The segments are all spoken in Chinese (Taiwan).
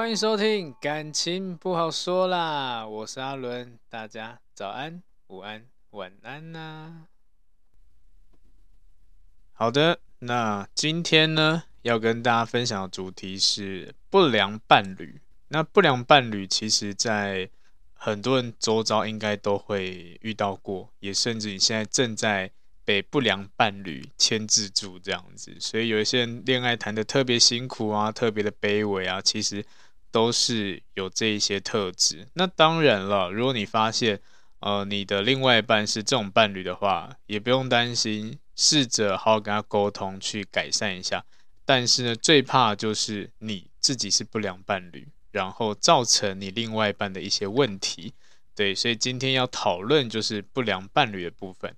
歡迎收聽《感情不好說啦》，我是阿倫，大家早安、午安、晚安吶、啊。好的，那今天呢要跟大家分享的主題是不良伴侶。那不良伴侶其實，在很多人周遭應該都會遇到過，也甚至你現在正在被不良伴侶牽制住這樣子。所以有一些戀愛談得特別辛苦啊，特別的卑微啊，其實。都是有這一些特質。那當然了，如果你發現，呃，你的另外一半是這種伴侶的話，也不用擔心，試着好好跟他溝通，去改善一下。但是呢，最怕就是你自己是不良伴侶，然後造成你另外一半的一些問題。對，所以今天要討論就是不良伴侶的部分。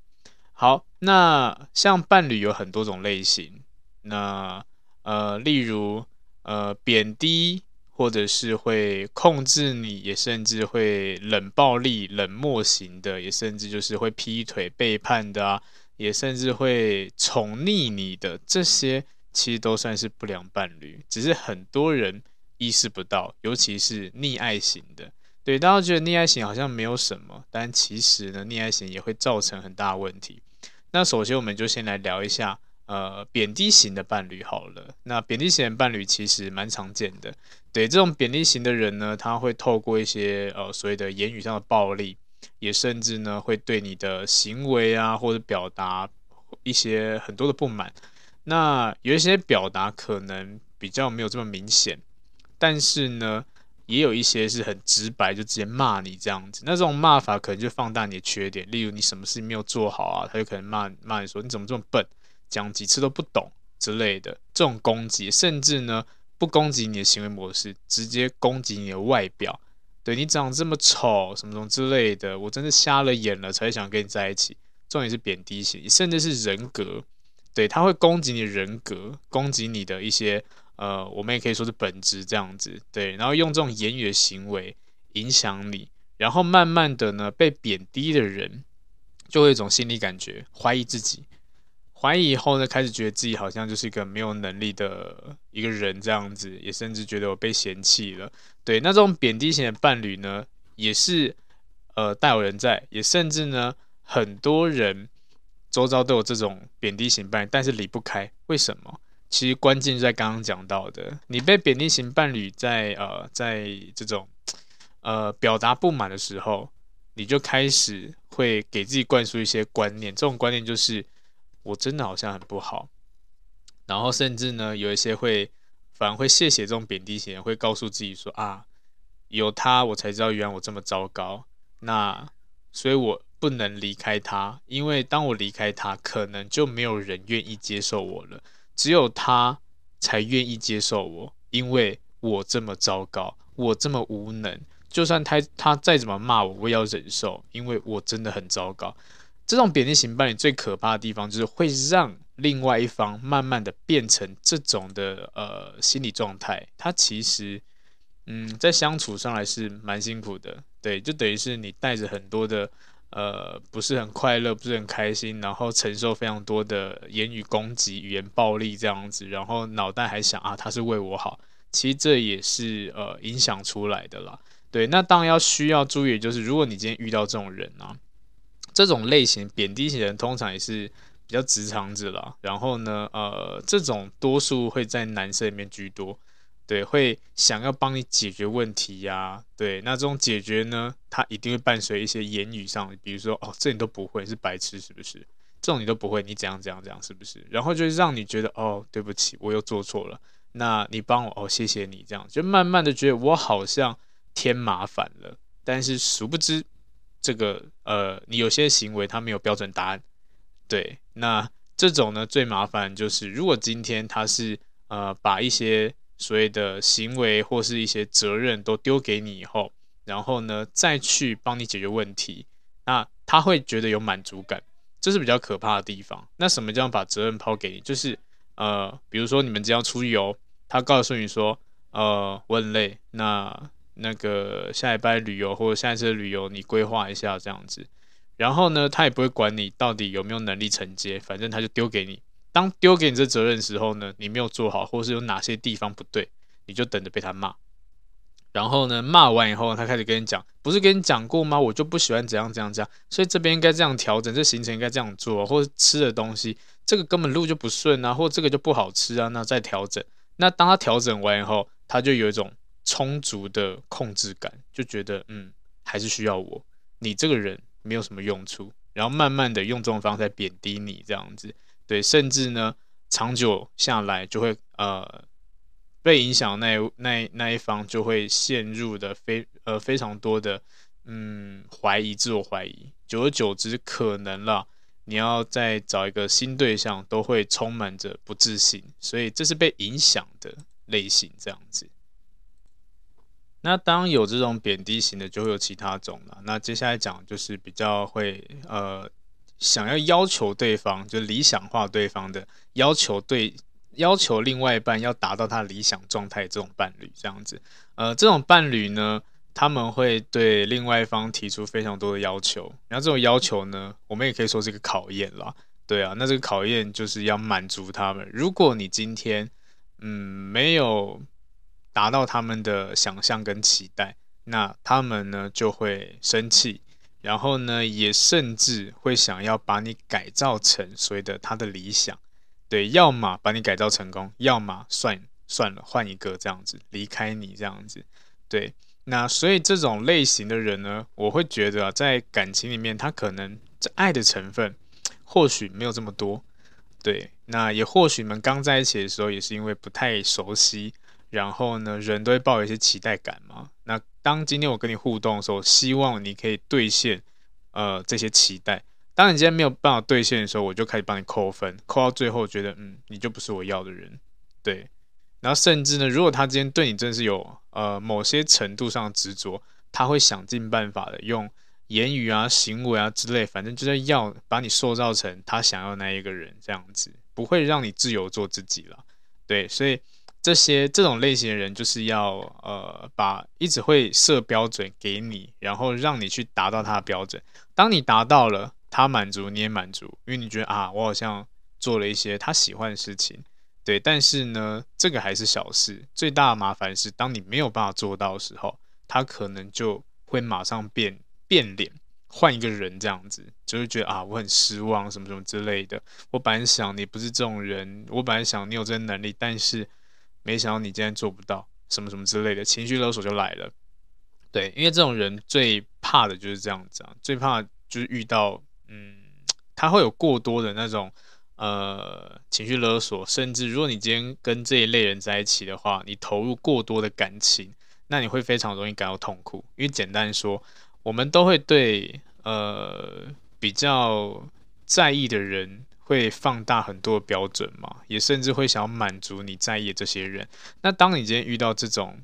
好，那像伴侶有很多種類型，那呃，例如呃，貶低。或者是會控制你，也甚至會冷暴力、冷漠型的，也甚至就是會劈腿、背叛的啊，也甚至會寵溺你的，這些其實都算是不良伴侶，只是很多人意識不到，尤其是溺愛型的。對，大家覺得溺愛型好像沒有什麼，但其實呢，溺愛型也會造成很大問題。那首先，我們就先來聊一下。呃，貶低型的伴侶好了，那貶低型的伴侶其實蠻常見的。對這種貶低型的人呢，他會透過一些呃所謂的言語上的暴力，也甚至呢會對你的行為啊或者表達一些很多的不滿。那有一些表達可能比較沒有這麼明顯，但是呢也有一些是很直白，就直接罵你這樣子。那這種罵法可能就放大你的缺點，例如你什麼事情沒有做好啊，他就可能罵罵你說你怎麼這麼笨。講幾次都不懂之類的，這種攻擊，甚至呢不攻擊你的行為模式，直接攻擊你的外表，對你長這麼醜什麼什麼之類的，我真的瞎了眼了才想跟你在一起。重點是貶低型，甚至是人格，對他會攻擊你的人格，攻擊你的一些呃，我們也可以說是本質這樣子，對，然後用這種言語的行為影響你，然後慢慢的呢被貶低的人就會一種心理感覺，懷疑自己。懷疑以後呢，開始覺得自己好像就是一個沒有能力的一個人這樣子，也甚至覺得我被嫌棄了。對，那這種貶低型的伴侶呢，也是呃大有人在，也甚至呢很多人周遭都有這種貶低型伴侶，但是離不開。為什麼？其實關鍵就在剛剛講到的，你被貶低型伴侶在呃在這種呃表達不滿的時候，你就開始會給自己灌輸一些觀念，這種觀念就是。我真的好像很不好，然後甚至呢，有一些會反而會謝謝這種貶低型，會告訴自己說啊，有他我才知道原來我這麼糟糕，那所以，我不能離開他，因為當我離開他，可能就沒有人願意接受我了，只有他才願意接受我，因為我這麼糟糕，我這麼無能，就算他他再怎麼罵我，我也要忍受，因為我真的很糟糕。這種貶低型伴侶最可怕的地方，就是會讓另外一方慢慢的變成這種的呃心理狀態。他其實，嗯，在相處上來是蠻辛苦的，對，就等於是你帶着很多的呃，不是很快樂，不是很開心，然後承受非常多的言語攻擊、語言暴力這樣子，然後腦袋還想啊，他是為我好，其實這也是呃影響出來的啦，對。那當然要需要注意，就是如果你今天遇到這種人啊。這種類型貶低型的人通常也是比較直腸子啦。然後呢，呃，這種多數會在男生裡面居多，對，會想要幫你解決問題呀、啊，對，那這種解決呢，他一定會伴隨一些言語上，比如說，哦，這你都不會，是白痴是不是？這種你都不會，你怎樣怎樣怎樣是不是？然後就讓你覺得，哦，對不起，我又做錯了，那你幫我，哦，謝謝你，這樣就慢慢的覺得我好像添麻煩了，但是殊不知。這個呃，你有些行為他沒有標準答案，對，那這種呢最麻煩就是，如果今天他是呃把一些所謂的行為或是一些責任都丟給你以後，然後呢再去幫你解決問題，那他會覺得有滿足感，這是比較可怕的地方。那什麼叫把責任拋給你？就是呃，比如說你們這樣出遊，他告訴你說呃我很累，那。那個下禮拜旅遊或者下一次旅遊，你規劃一下這樣子，然後呢，他也不會管你到底有沒有能力承接，反正他就丟給你。當丟給你這責任的時候呢，你沒有做好，或是有哪些地方不對，你就等着被他罵。然後呢，罵完以後，他開始跟你講，不是跟你講過嗎？我就不喜歡怎樣怎樣這樣，所以這邊應該這樣調整，這行程應該這樣做，或者吃的東西這個根本路就不順啊，或這個就不好吃啊，那再調整。那當他調整完以後，他就有一種。充足的控制感，就覺得嗯，還是需要我，你這個人沒有什麼用處，然後慢慢的用這種方式在貶低你這樣子，對，甚至呢，長久下來就會呃被影響，那那那一方就會陷入的非呃非常多的嗯懷疑、自我懷疑，久而久之，可能了你要再找一個新對象，都會充滿着不自信，所以這是被影響的類型這樣子。那當有這種貶低型的，就會有其他種了。那接下來講就是比較會呃想要要求對方，就理想化對方的要求對，對要求另外一半要達到他理想狀態，這種伴侶這樣子。呃，這種伴侶呢，他們會對另外一方提出非常多的要求。然後這種要求呢，我們也可以說是一個考驗啦。對啊，那這個考驗就是要滿足他們。如果你今天嗯沒有。達到他們的想象跟期待，那他們呢就會生氣，然後呢也甚至會想要把你改造成所謂的他的理想，對，要麼把你改造成功，要麼算算了，換一個這樣子，離開你這樣子，對，那所以這種類型的人呢，我會覺得啊，在感情裡面他可能這愛的成分或許沒有這麼多，對，那也或許你們剛在一起的時候也是因為不太熟悉。然後呢，人都會抱有一些期待感嘛。那當今天我跟你互動的時候，希望你可以兌現，呃，這些期待。當你今天沒有辦法兌現的時候，我就開始幫你扣分，扣到最後覺得，嗯，你就不是我要的人，對。然後甚至呢，如果他今天對你真的是有，呃，某些程度上的執着，他會想盡辦法的用言語啊、行為啊之類，反正就是要把你塑造成他想要的那一個人這樣子，不會讓你自由做自己了，對，所以。這些這種類型的人就是要呃把一直會設標準給你，然後讓你去達到他的標準。當你達到了，他滿足，你也滿足，因為你覺得啊，我好像做了一些他喜歡的事情，對。但是呢，這個還是小事，最大的麻煩是當你沒有辦法做到的時候，他可能就會馬上變變臉，換一個人這樣子，就會覺得啊，我很失望什麼什麼之類的。我本來想你不是這種人，我本來想你有這能力，但是。沒想到你今天做不到什麼什麼之類的情緒勒索就來了，對，因為這種人最怕的就是這樣子啊，最怕就是遇到，嗯，他會有過多的那種呃情緒勒索，甚至如果你今天跟這一類人在一起的話，你投入過多的感情，那你會非常容易感到痛苦，因為簡單說，我們都會對呃比較在意的人。會放大很多的標準嘛，也甚至會想要滿足你在意這些人。那當你今天遇到這種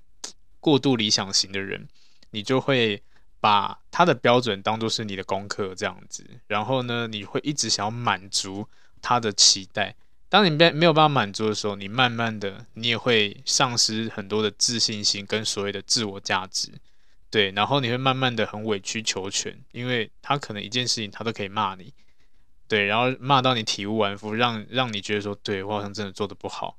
過度理想型的人，你就會把他的標準當作是你的功課這樣子。然後呢，你會一直想要滿足他的期待。當你沒沒有辦法滿足的時候，你慢慢的你也會喪失很多的自信心跟所謂的自我價值。對，然後你會慢慢的很委曲求全，因為他可能一件事情他都可以罵你。對，然後罵到你體無完膚，讓讓你覺得說，對我好像真的做得不好，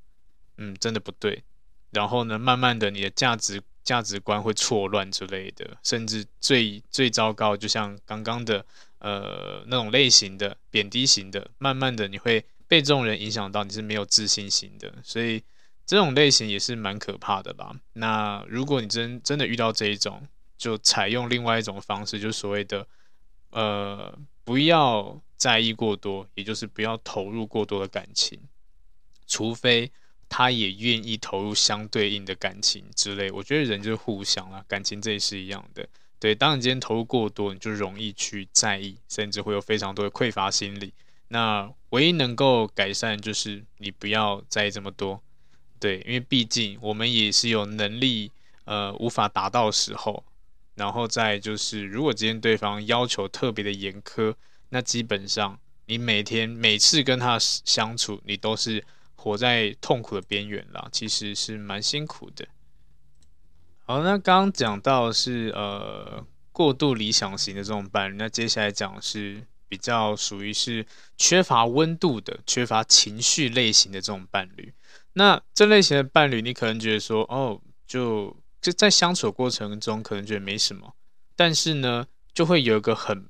嗯，真的不對。然後呢，慢慢的你的價值價值觀會錯亂之類的，甚至最最糟糕，就像剛剛的呃那種類型的貶低型的，慢慢的你會被這種人影響到，你是沒有自信心的。所以這種類型也是蠻可怕的吧？那如果你真真的遇到這一種，就採用另外一種方式，就所謂的呃不要。在意過多，也就是不要投入過多的感情，除非他也願意投入相對應的感情之類。我覺得人就是互相了啊，感情這也是一樣的。對，當你今天投入過多，你就容易去在意，甚至會有非常多的匱乏心理。那唯一能夠改善就是你不要在意這麼多，對，因為畢竟我們也是有能力，呃，無法達到的時候。然後再就是，如果今天對方要求特別的嚴苛，那基本上，你每天每次跟他相處，你都是活在痛苦的邊緣啦。其實是蠻辛苦的。好，那剛剛講到是呃過度理想型的這種伴侶，那接下來講是比較屬於是缺乏溫度的、缺乏情緒類型的這種伴侶。那這類型的伴侶，你可能覺得說，哦，就就在相處過程中可能覺得沒什麼，但是呢，就會有一個很。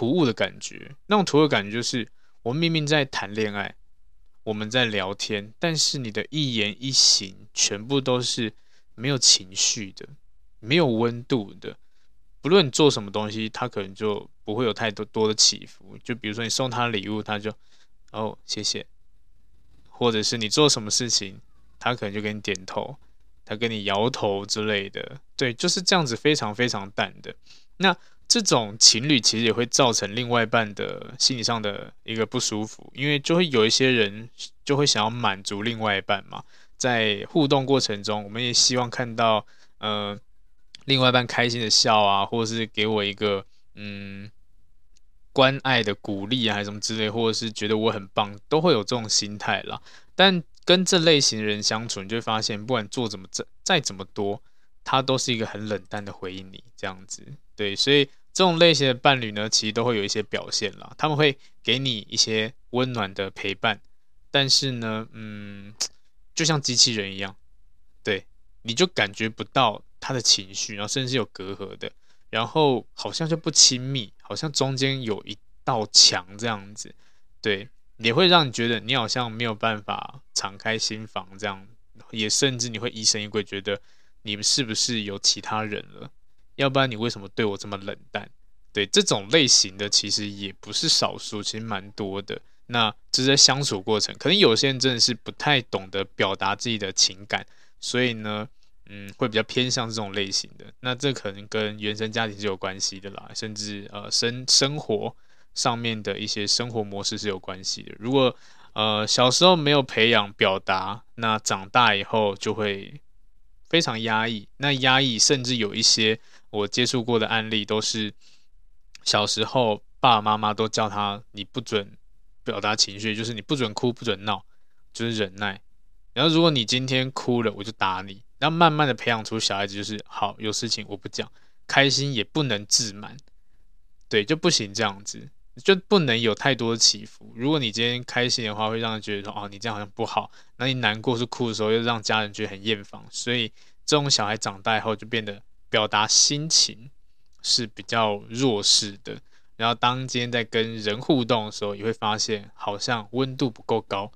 突兀的感覺，那種突兀的感覺就是，我們明明在談戀愛，我們在聊天，但是你的一言一行全部都是沒有情緒的，沒有溫度的。不論做什麼東西，他可能就不會有太多多的起伏。就比如說你送他禮物，他就哦，謝謝，或者是你做什麼事情，他可能就給你點頭，他給你搖頭之類的。對，就是這樣子，非常非常淡的。那。這種情侶其實也會造成另外一半的心理上的一個不舒服，因為就會有一些人就會想要滿足另外一半嘛。在互動過程中，我們也希望看到，呃，另外一半開心的笑啊，或者是給我一個，嗯，關愛的鼓勵啊，還是什麼之類，或者是覺得我很棒，都會有這種心態啦。但跟這類型的人相處，你就會發現，不管做怎麼怎再怎麼多，他都是一個很冷淡的回應你，這樣子，對，所以。這種類型的伴侶呢，其實都會有一些表現啦。他們會給你一些溫暖的陪伴，但是呢，嗯，就像機器人一樣，對，你就感覺不到他的情緒，然後甚至是有隔閡的，然後好像就不親密，好像中間有一道牆這樣子，對，也會讓你覺得你好像沒有辦法敞開心房這樣，也甚至你會疑神疑鬼，覺得你們是不是有其他人了。要不然你為什麼對我這麼冷淡？對，這種類型的其實也不是少數，其實蠻多的。那這是在相處過程，可能有些人真的是不太懂得表達自己的情感，所以呢，嗯，會比較偏向這種類型的。那這可能跟原生家庭是有關係的啦，甚至呃生生活上面的一些生活模式是有關係的。如果呃小時候沒有培養表達，那長大以後就會非常壓抑，那壓抑，甚至有一些。我接觸過的案例都是小時候爸爸媽媽都叫他，你不准表達情緒，就是你不准哭，不准鬧，就是忍耐。然後如果你今天哭了，我就打你。然後慢慢的培養出小孩子就是，好有事情我不講，開心也不能自滿，對就不行這樣子，就不能有太多的起伏。如果你今天開心的話，會讓人覺得說，哦你這樣好像不好。那你難過是哭的時候，又讓家人覺得很厭煩。所以這種小孩長大以後就變得。表達心情是比較弱勢的，然後當今天在跟人互動的時候，你會發現好像溫度不夠高，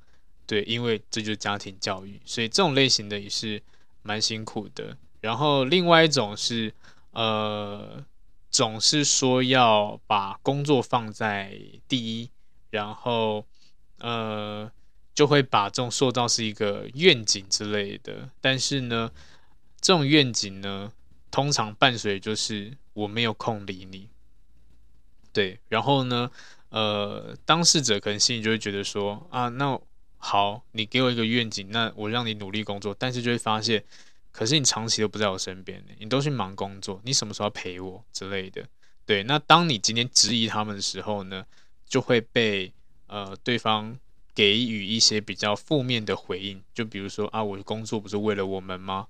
對，因為這就是家庭教育，所以這種類型的也是蠻辛苦的。然後另外一種是，呃，總是說要把工作放在第一，然後呃，就會把這種塑造是一個願景之類的，但是呢，這種願景呢，通常伴隨就是我沒有空理你，對，然後呢，呃，當事者可能心裡就會覺得說啊，那好，你給我一個願景，那我讓你努力工作，但是就會發現，可是你長期都不在我身邊，你都去忙工作，你什麼時候要陪我之類的？對，那當你今天質疑他們的時候呢，就會被呃對方給予一些比較負面的回應，就比如說啊，我的工作不是為了我們嗎？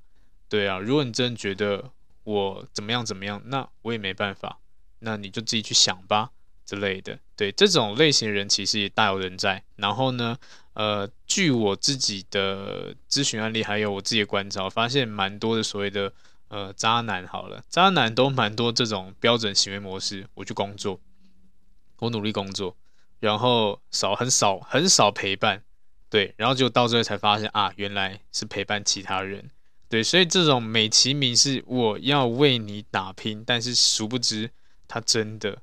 對啊，如果你真的覺得。我怎麼樣怎麼樣？那我也沒辦法，那你就自己去想吧之類的。對，這種類型的人，其實也大有人在。然後呢，呃，據我自己的諮詢案例，還有我自己的觀察，我發現蠻多的所謂的呃渣男。好了，渣男都蠻多這種標準行為模式。我去工作，我努力工作，然後少很少很少陪伴，對，然後就到最後才發現啊，原來是陪伴其他人。對，所以這種美其名是我要為你打拼，但是殊不知他真的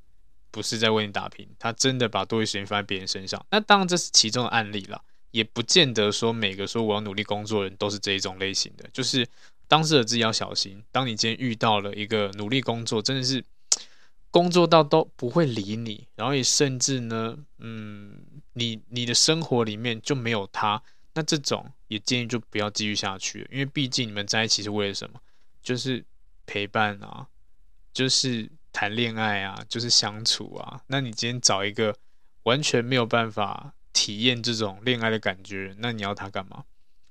不是在為你打拼，他真的把多餘時間放在別人身上。那當然這是其中的案例了，也不見得說每個說我要努力工作的人都是這一種類型的，就是當事的自己要小心。當你今天遇到了一個努力工作，真的是工作到都不會理你，然後也甚至呢，嗯，你你的生活裡面就沒有他。那這種也建議就不要繼續下去了，因為畢竟你們在一起是為了什麼？就是陪伴啊，就是談戀愛啊，就是相處啊。那你今天找一個完全沒有辦法體驗這種戀愛的感覺，那你要他幹嘛？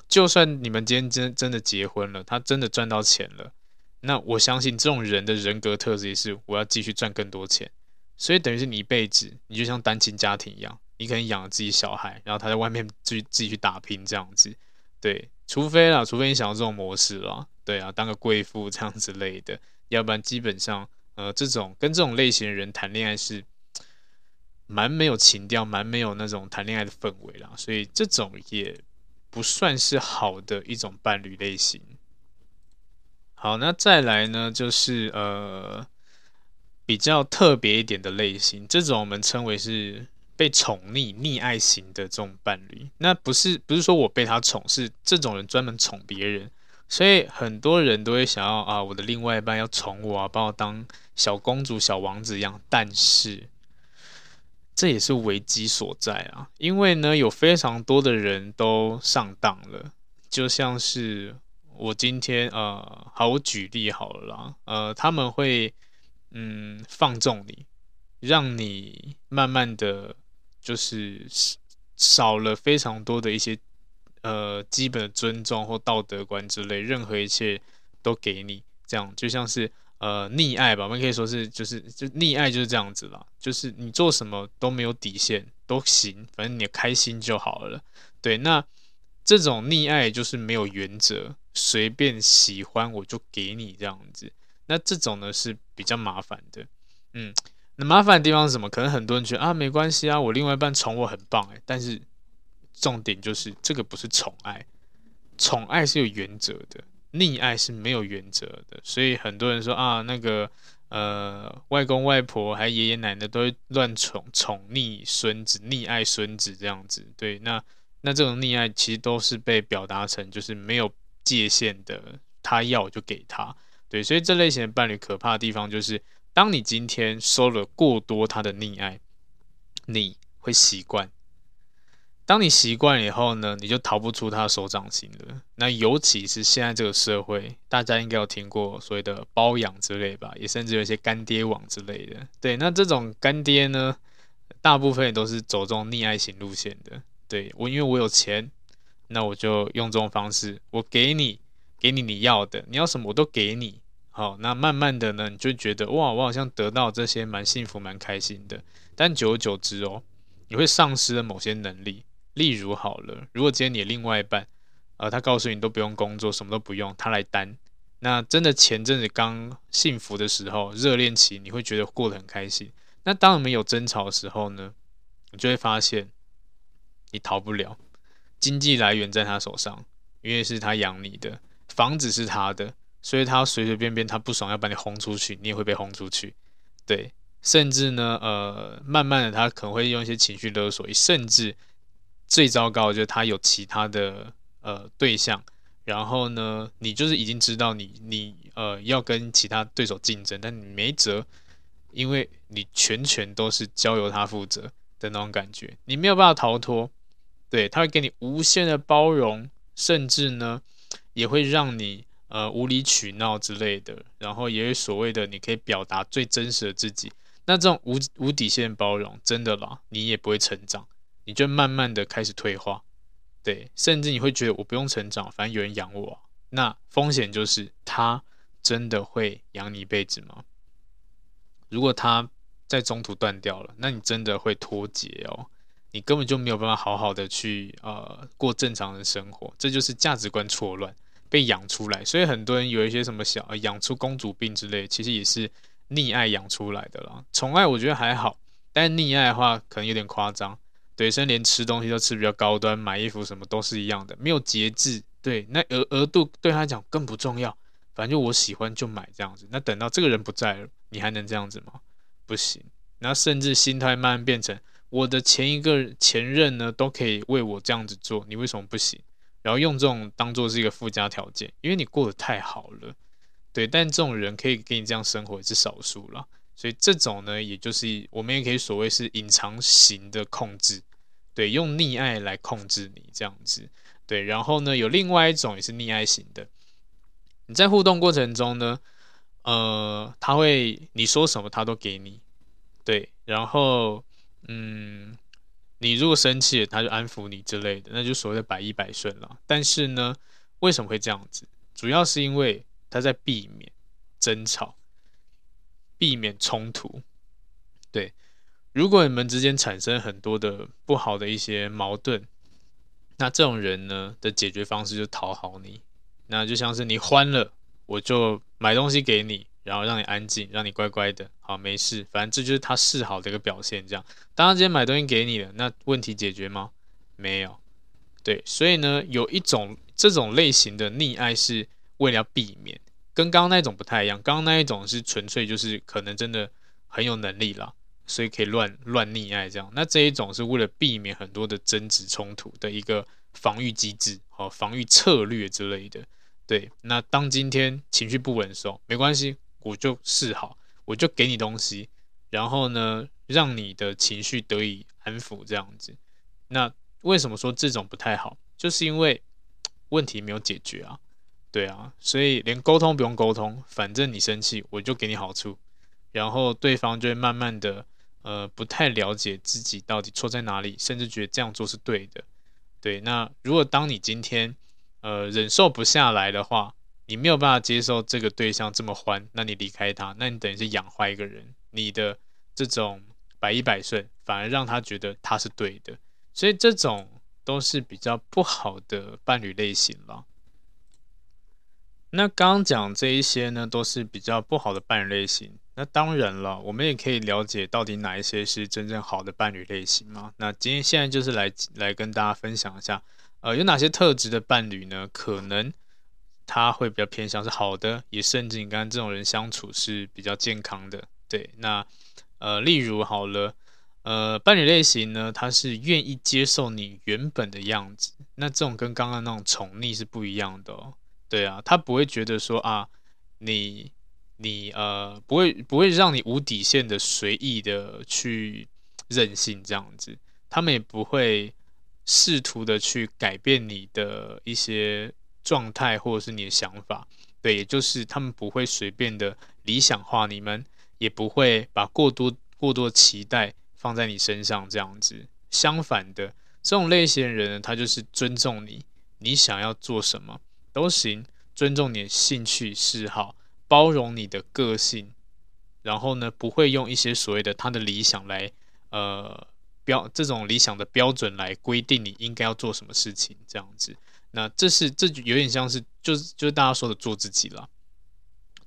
就算你們今天真真的結婚了，他真的賺到錢了，那我相信這種人的人格特質也是我要繼續賺更多錢，所以等於是你一輩子你就像單親家庭一樣。你可以養自己小孩，然後他在外面自己自己去打拼，這樣子。對，除非啦，除非你想要這種模式啦。對啊，當個貴婦這樣之類的，要不然基本上，呃，這種跟這種類型的人談戀愛是蠻沒有情調，蠻沒有那種談戀愛的氛圍啦。所以這種也不算是好的一種伴侶類型。好，那再來呢，就是呃比較特別一點的類型，這種我們稱為是。被寵溺溺愛型的這種伴侶，那不是不是說我被他寵，是這種人專門寵別人，所以很多人都會想要啊，我的另外一半要寵我啊，把我當小公主、小王子一樣。但是這也是危機所在啊，因為呢，有非常多的人都上當了，就像是我今天呃，好，我舉例好了啦，呃，他們會嗯放縱你，讓你慢慢的。就是少了非常多的一些呃基本的尊重或道德觀之類，任何一切都給你這樣，就像是呃溺愛吧，我們可以說是就是就溺愛就是這樣子啦，就是你做什麼都沒有底線都行，反正你開心就好了。對，那這種溺愛就是沒有原則，隨便喜歡我就給你這樣子，那這種呢是比較麻煩的，嗯。麻煩的地方是什麼？可能很多人覺得啊，沒關係啊，我另外一半寵我很棒誒、欸。但是重點就是這個不是寵愛，寵愛是有原則的，溺愛是沒有原則的。所以很多人說啊，那個呃外公外婆還有爺爺奶奶都會亂寵寵溺孫子溺愛孫子這樣子。對，那那這種溺愛其實都是被表達成就是沒有界限的，他要我就給他。對，所以這類型的伴侶可怕的地方就是，當你今天收了過多他的溺愛，你會習慣。當你習慣以後呢，你就逃不出他的手掌心了。那尤其是現在這個社會，大家應該有聽過所謂的包養之類吧，也甚至有一些乾爹網之類的。對，那這種乾爹呢，大部分都是走這種溺愛型路線的。對我，因為我有錢，那我就用這種方式，我給你，給你你要的，你要什麼我都給你。好，那慢慢的呢，你就覺得哇，我好像得到這些蠻幸福，蠻開心的。但久而久之哦，你會喪失了某些能力。例如，好了，如果今天你另外一半，呃，他告訴你都不用工作，什麼都不用，他來擔。那真的前陣子剛幸福的時候，熱戀期，你會覺得過得很開心。那當我們有爭吵的時候呢，你就會發現你逃不了，經濟來源在他手上，因為是他養你的，房子是他的。所以他隨隨便便，他不爽要把你轟出去，你也會被轟出去，對。甚至呢，呃，慢慢的他可能會用一些情緒勒索，甚至最糟糕的就是他有其他的呃對象，然後呢，你就是已經知道你你呃要跟其他對手競爭，但你沒轍，因為你全權都是交由他負責的那種感覺，你沒有辦法逃脫。對，他會給你無限的包容，甚至呢也會讓你。呃，無理取鬧之類的，然後也有所謂的你可以表達最真實的自己，那這種無無底線包容，真的啦，你也不會成長，你就慢慢的開始退化，對，甚至你會覺得我不用成長，反正有人養我啊，那風險就是他真的會養你一輩子嗎？如果他在中途斷掉了，那你真的會脫節哦，你根本就沒有辦法好好的去呃過正常的生活，這就是價值觀錯亂。被養出來，所以很多人有一些什麼小呃養出公主病之類，其實也是溺愛養出來的啦。寵愛我覺得還好，但溺愛的話可能有點誇張。對，甚至連吃東西都吃比較高端，買衣服什麼都是一樣的，沒有節制。對，那額額度對他來講更不重要，反正就我喜歡就買這樣子。那等到這個人不在了，你還能這樣子嗎？不行。那甚至心態慢慢變成，我的前一個前任呢都可以為我這樣子做，你為什麼不行？然後用這種當做是一個附加條件，因為你過得太好了，對，但這種人可以給你這樣生活也是少數了，所以這種呢，也就是我們也可以所謂是隱藏型的控制，對，用溺愛來控制你這樣子，對，然後呢，有另外一種也是溺愛型的，你在互動過程中呢，呃，他會你說什麼他都給你，對，然後嗯。你如果生氣了，他就安撫你之類的，那就所謂的百依百順了。但是呢，為什麼會這樣子？主要是因為他在避免爭吵，避免衝突。對，如果你們之間產生很多的不好的一些矛盾，那這種人呢的解決方式就討好你。那就像是你歡樂，我就買東西給你。然後讓你安靜，讓你乖乖的，好，沒事，反正這就是他示好的一個表現。這樣，當他今天買東西給你了，那問題解決嗎？沒有。對，所以呢，有一種這種類型的溺愛是為了要避免，跟剛剛那一種不太一樣。剛剛那一種是純粹就是可能真的很有能力啦，所以可以亂亂溺愛這樣。那這一種是為了避免很多的爭執衝突的一個防禦機制，和防禦策略之類的。對，那當今天情緒不穩的時候，沒關係。我就示好，我就給你東西，然後呢，讓你的情緒得以安撫，這樣子。那為什麼說這種不太好？就是因為問題沒有解決啊，對啊，所以連溝通不用溝通，反正你生氣，我就給你好處，然後對方就會慢慢的，呃，不太了解自己到底錯在哪裡，甚至覺得這樣做是對的，對。那如果當你今天，呃，忍受不下來的話，你沒有辦法接受這個對象這麼歡，那你離開他，那你等於是養壞一個人。你的這種百依百順，反而讓他覺得他是對的，所以這種都是比較不好的伴侶類型了。那剛剛講這一些呢，都是比較不好的伴侶類型。那當然了，我們也可以了解到底哪一些是真正好的伴侶類型嘛？那今天現在就是來來跟大家分享一下，呃，有哪些特質的伴侶呢？可能。他會比較偏向是好的，也甚至你跟這種人相處是比較健康的。對，那呃，例如好了，呃，伴侶類型呢，他是願意接受你原本的樣子。那這種跟剛剛那種寵溺是不一樣的哦。對啊，他不會覺得說啊，你你呃，不會不會讓你無底線的隨意的去任性這樣子。他們也不會試圖的去改變你的一些狀態或者是你的想法，對，也就是他們不會隨便的理想化你們，也不會把過多過多的期待放在你身上這樣子。相反的，這種類型的人呢，他就是尊重你，你想要做什麼都行，尊重你的興趣嗜好，包容你的個性，然後呢，不會用一些所謂的他的理想來，呃，標這種理想的標準來規定你應該要做什麼事情這樣子。那這是這就有點像是，就是就是大家說的做自己啦。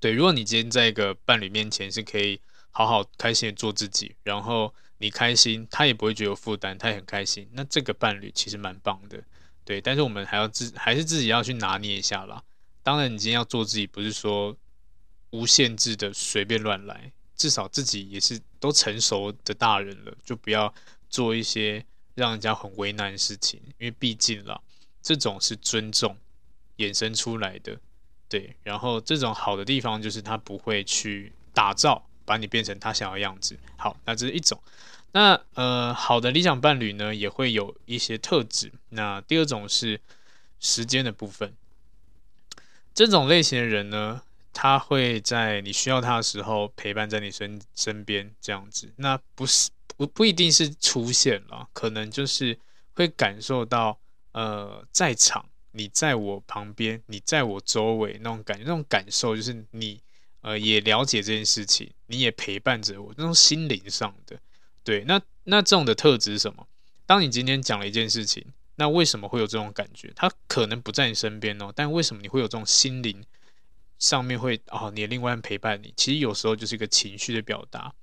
對，如果你今天在一個伴侶面前是可以好好開心的做自己，然後你開心，他也不會覺得有負擔，他也很開心。那這個伴侶其實蠻棒的。對，但是我們還要自還是自己要去拿捏一下啦。當然，你今天要做自己，不是說無限制的隨便亂來，至少自己也是都成熟的大人了，就不要做一些讓人家很為難的事情，因為畢竟啦。這種是尊重衍生出來的，對，然後這種好的地方就是他不會去打造，把你變成他想要的樣子。好，那這是一種。那呃，好的理想伴侶呢，也會有一些特質。那第二種是時間的部分。這種類型的人呢，他會在你需要他的時候陪伴在你身身邊，這樣子。那不是不不一定是出現了，可能就是會感受到。呃，在場，你在我旁邊，你在我周圍，那種感覺，那種感受，就是你呃也了解這件事情，你也陪伴着我那種心靈上的。對，那那這種的特質是什麼？當你今天講了一件事情，那為什麼會有這種感覺？他可能不在你身邊哦，但為什麼你會有這種心靈上面會啊、哦？你也另外陪伴你，其實有時候就是一個情緒的表達，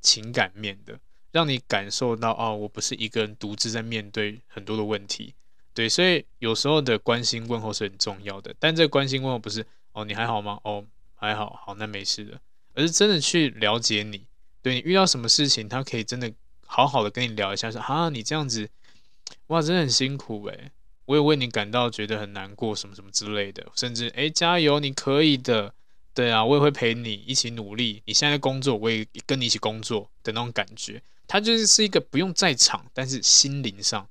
情感面的，讓你感受到哦，我不是一個人獨自在面對很多的問題。對，所以有時候的關心問候是很重要的，但這關心問候不是哦，你還好嗎？哦，還好，好，那沒事的，而是真的去了解你，對你遇到什麼事情，他可以真的好好的跟你聊一下，說啊，你這樣子，哇，真的很辛苦誒，我也為你感到覺得很難過，什麼什麼之類的，甚至誒，加油，你可以的，對啊，我也會陪你一起努力，你現在在工作，我也跟你一起工作的那種感覺，他就是是一個不用在場，但是心靈上，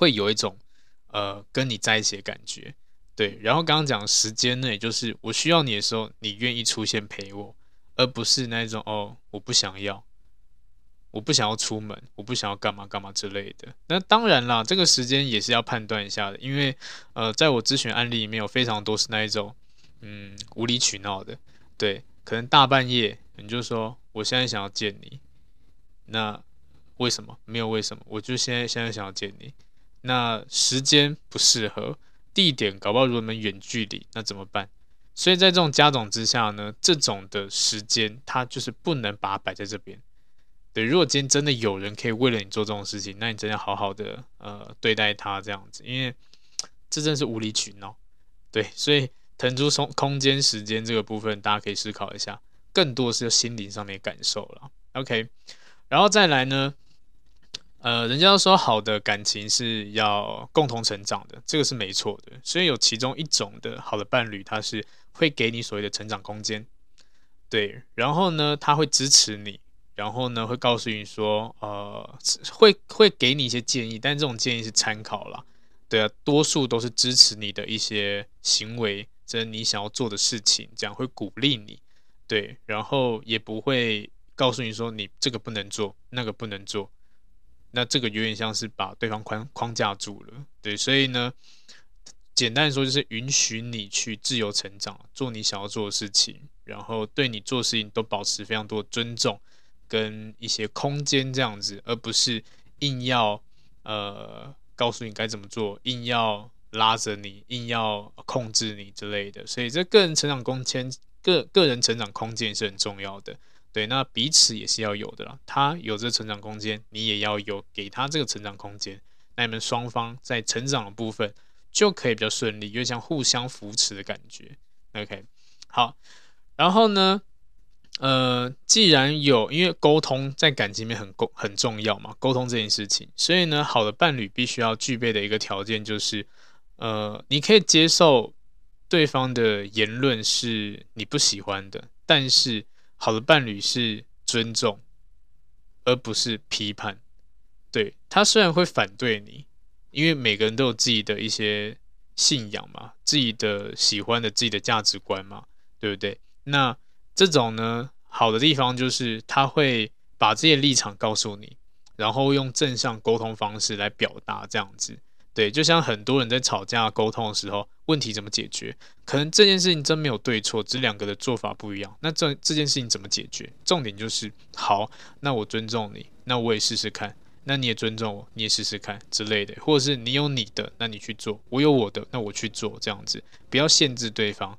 會有一種，呃，跟你在一起的感覺，對。然後剛剛講時間呢，也就是我需要你的時候，你願意出現陪我，而不是那一種哦，我不想要，我不想要出門，我不想要幹嘛幹嘛之類的。那當然啦，這個時間也是要判斷一下的，因為呃，在我諮詢案例裡面有非常多是那一種，嗯，無理取鬧的，對。可能大半夜你就說我現在想要見你，那為什麼？沒有為什麼，我就現在現在想要見你。那時間不適合，地點搞不好，如果你們遠距離，那怎麼辦？所以在這種加總之下呢，這種的時間，它就是不能把它擺在這邊。對，如果今天真的有人可以為了你做這種事情，那你真的要好好的呃對待他這樣子，因為這真是無理取鬧。對，所以騰出空空間、時間這個部分，大家可以思考一下，更多的是心靈上面感受了。OK，然後再來呢？呃，人家說好的感情是要共同成長的，這個是沒錯的。所以有其中一種的好的伴侶，他是會給你所謂的成長空間，對。然後呢，他會支持你，然後呢，會告訴你說，呃，會會給你一些建議，但這種建議是參考啦。對啊，多數都是支持你的一些行為，就是你想要做的事情，這樣會鼓勵你，對。然後也不會告訴你說你這個不能做，那個不能做。那這個有點像是把對方框框架住了，對，所以呢，簡單說就是允許你去自由成長，做你想要做的事情，然後對你做事情都保持非常多的尊重跟一些空間這樣子，而不是硬要呃告訴你該怎麼做，硬要拉着你，硬要控制你之類的。所以，這個人成長空間，個個人成長空間是很重要的。對，那彼此也是要有的啦。他有這成長空間，你也要有給他這個成長空間。那你們雙方在成長的部分就可以比較順利，就像互相扶持的感覺。OK，好。然後呢，呃，既然有，因為溝通在感情裡面很夠很重要嘛，溝通這件事情，所以呢，好的伴侶必須要具備的一個條件就是，呃，你可以接受對方的言論是你不喜歡的，但是。好的伴侶是尊重，而不是批判。對，他雖然會反對你，因為每個人都有自己的一些信仰嘛，自己的喜歡的、自己的價值觀嘛，對不對？那這種呢，好的地方就是他會把這些立場告訴你，然後用正向溝通方式來表達，這樣子。對，就像很多人在吵架溝通的時候。問題怎麼解決？可能這件事情真沒有對錯，這兩個的做法不一樣。那這這件事情怎麼解決？重點就是好，那我尊重你，那我也試試看，那你也尊重我，你也試試看之類的，或者是你有你的，那你去做，我有我的，那我去做，這樣子不要限制對方。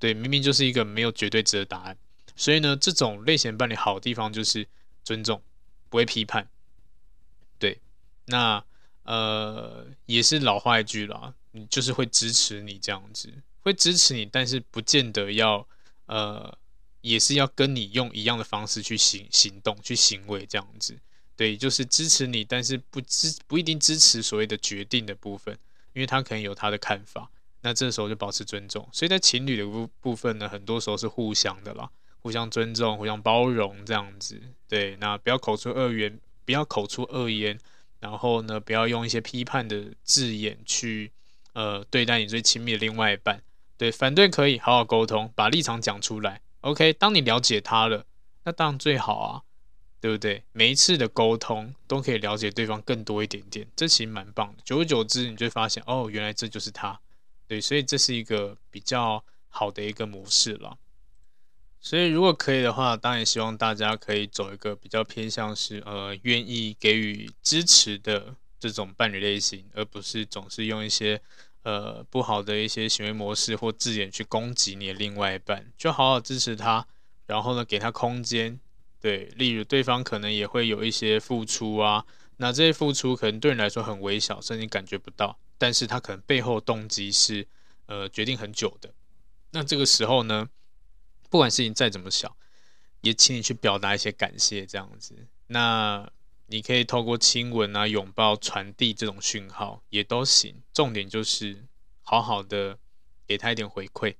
對，明明就是一個沒有絕對值的答案。所以呢，這種類型伴侶好的地方就是尊重，不會批判。對，那呃也是老話一句了。你就是會支持你這樣子，會支持你，但是不見得要，呃，也是要跟你用一樣的方式去行行動、去行為這樣子，對，就是支持你，但是不支不一定支持所謂的決定的部分，因為他可能有他的看法，那這時候就保持尊重。所以在情侶的部部分呢，很多時候是互相的啦，互相尊重、互相包容這樣子，對，那不要口出惡言，不要口出惡言，然後呢，不要用一些批判的字眼去。呃，對待你最親密的另外一半，對，反對可以好好溝通，把立場講出來。OK，當你了解他了，那當然最好啊，對不對？每一次的溝通都可以了解對方更多一點點，這其實蠻棒的。久而久之，你就會發現，哦，原來這就是他，對，所以這是一個比較好的一個模式了。所以如果可以的話，當然希望大家可以走一個比較偏向是呃，願意給予支持的。這種伴侶類型，而不是總是用一些呃、不好的一些行為模式或字眼去攻擊你的另外一半，就好好支持他，然後呢，給他空間。對，例如對方可能也會有一些付出啊，那這些付出可能對你來說很微小，甚至感覺不到，但是他可能背後動機是呃決定很久的。那這個時候呢，不管事情再怎麼想，也請你去表達一些感謝，這樣子。那。你可以透過親吻啊、擁抱傳遞這種訊號，也都行。重點就是好好的給他一點回饋，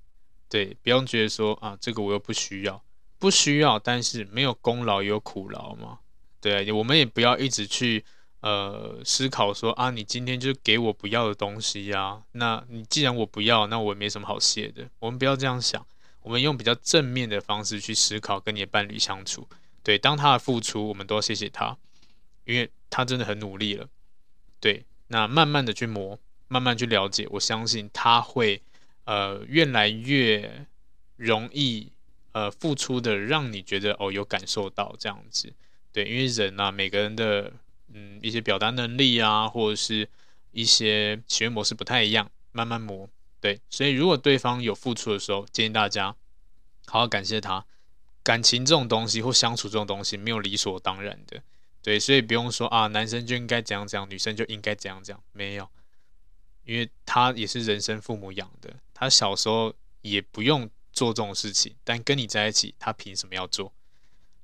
對，不用覺得說啊，這個我又不需要，不需要。但是沒有功勞也有苦勞嘛，對，我們也不要一直去呃思考說啊，你今天就給我不要的東西啊。那你既然我不要，那我也沒什麼好謝的。我們不要這樣想，我們用比較正面的方式去思考跟你的伴侶相處。對，當他的付出，我們都要謝謝他。因為他真的很努力了，對，那慢慢的去磨，慢慢去了解，我相信他會，呃，越來越容易，呃，付出的讓你覺得哦有感受到這樣子，對，因為人啊每個人的嗯一些表達能力啊或者是一些行為模式不太一樣，慢慢磨，對，所以如果對方有付出的時候，建議大家好好感謝他，感情這種東西或相處這種東西沒有理所當然的。對，所以不用說啊，男生就應該怎樣怎樣，女生就應該怎樣怎樣，沒有，因為他也是人生父母養的，他小時候也不用做這種事情，但跟你在一起，他憑什麼要做？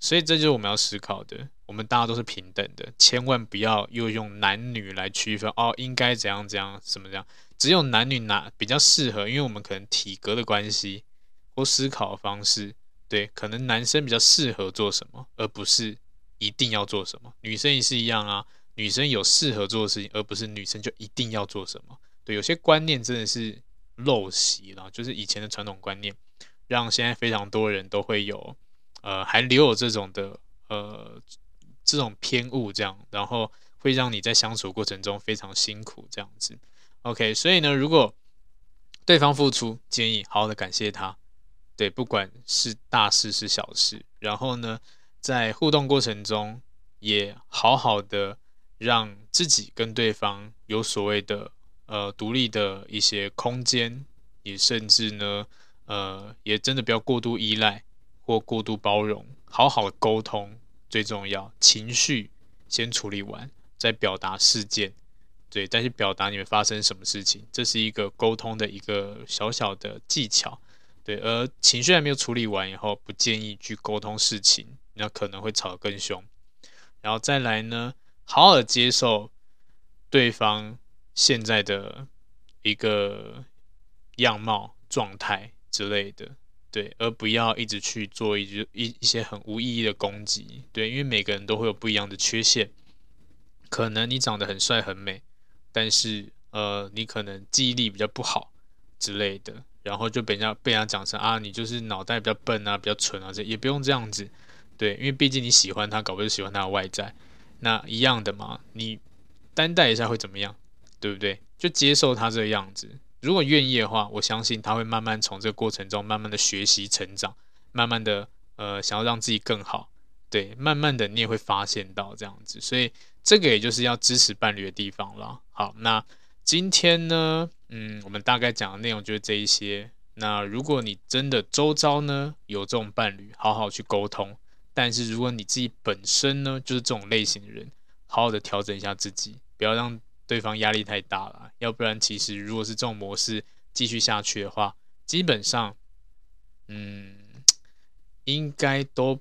所以這就是我們要思考的，我們大家都是平等的，千萬不要又用男女來區分哦、啊，應該怎樣怎樣，什麼怎樣，只有男女哪比較適合，因為我們可能體格的關係或思考的方式，對，可能男生比較適合做什麼，而不是一定要做什麼？女生也是一樣啊。女生有適合做的事情，而不是女生就一定要做什麼。對，有些觀念真的是陋習啦。就是以前的傳統觀念，讓現在非常多人都會有，呃，還留有這種的呃這種偏誤，這樣，然後會讓你在相處過程中非常辛苦，這樣子。OK，所以呢，如果對方付出，建議好好的感謝他。對，不管是大事是小事，然後呢，在互動過程中，也好好的讓自己跟對方有所謂的呃獨立的一些空間，也甚至呢呃也真的不要過度依賴或過度包容，好好的溝通最重要。情緒先處理完，再表達事件，對，但是表達你們發生什麼事情，這是一個溝通的一個小小的技巧，對。而情緒還沒有處理完以後，不建議去溝通事情。那可能會吵得更兇，然後再來呢，好好的接受對方現在的一個樣貌、狀態之類的，對，而不要一直去做一、一一些很無意義的攻擊，對，因為每個人都會有不一樣的缺陷，可能你長得很帥很美，但是呃，你可能記憶力比較不好之類的，然後就被人家被人家講成啊，你就是腦袋比較笨啊，比較蠢啊，這也不用這樣子。對，因為畢竟你喜歡他，搞不好是喜歡他的外在，那一樣的嘛。你擔待一下會怎麼樣？對不對？就接受他這個樣子。如果願意的話，我相信他會慢慢從這個過程中慢慢的學習成長，慢慢的呃想要讓自己更好。對，慢慢的你也會發現到這樣子。所以這個也就是要支持伴侶的地方啦。好，那今天呢，嗯，我們大概講的內容就是這一些。那如果你真的周遭呢有這種伴侶，好好去溝通。但是如果你自己本身呢，就是這種類型的人，好好的調整一下自己，不要讓對方壓力太大了，要不然其實如果是這種模式繼續下去的話，基本上，嗯，應該都，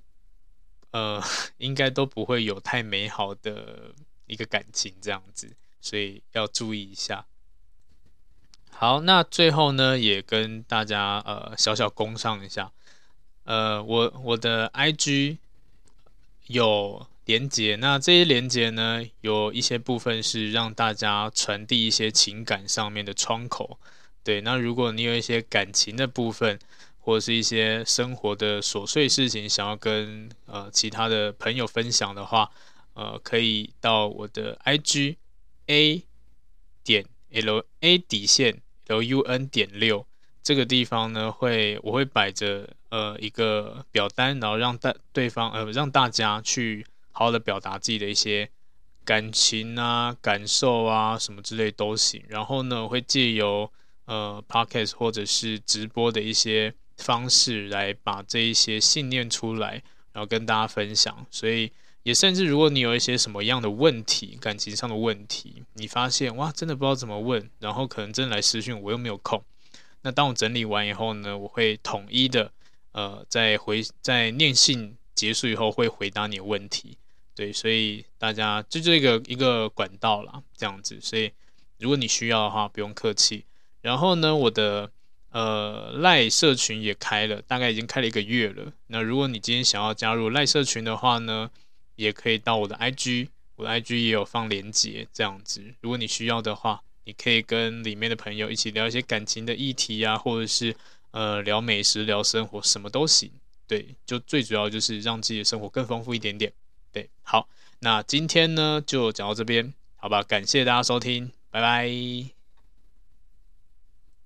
呃，應該都不會有太美好的一個感情這樣子，所以要注意一下。好，那最後呢，也跟大家呃小小工商一下，呃，我我的 IG。有連接，那這些連接呢，有一些部分是讓大家傳遞一些情感上面的窗口，對。那如果你有一些感情的部分，或是一些生活的瑣碎事情，想要跟呃其他的朋友分享的話，呃，可以到我的 IG A 點 LA 底線 LUN 點六。這個地方呢，會我會擺着呃一個表單，然後讓大對方呃讓大家去好好的表達自己的一些感情啊、感受啊什麼之類的都行。然後呢，會借由呃 Podcast 或者是直播的一些方式來把這一些信念出來，然後跟大家分享。所以也甚至如果你有一些什麼樣的問題，感情上的問題，你發現哇真的不知道怎麼問，然後可能真的來私訊我又沒有空。那當我整理完以後呢，我會統一的，呃，在回在念信結束以後會回答你的問題，對，所以大家就這個一個管道啦，這樣子，所以如果你需要的話，不用客氣。然後呢，我的呃 LINE 社群也開了，大概已經開了一個月了。那如果你今天想要加入 LINE 社群的話呢，也可以到我的 IG，我的 IG 也有放連結，這樣子，如果你需要的話。你可以跟裡面的朋友一起聊一些感情的議題啊，或者是呃，聊美食、聊生活，什麼都行。對，就最主要就是讓自己的生活更豐富一點點。對，好，那今天呢就講到這邊，好吧？感謝大家收聽，拜拜。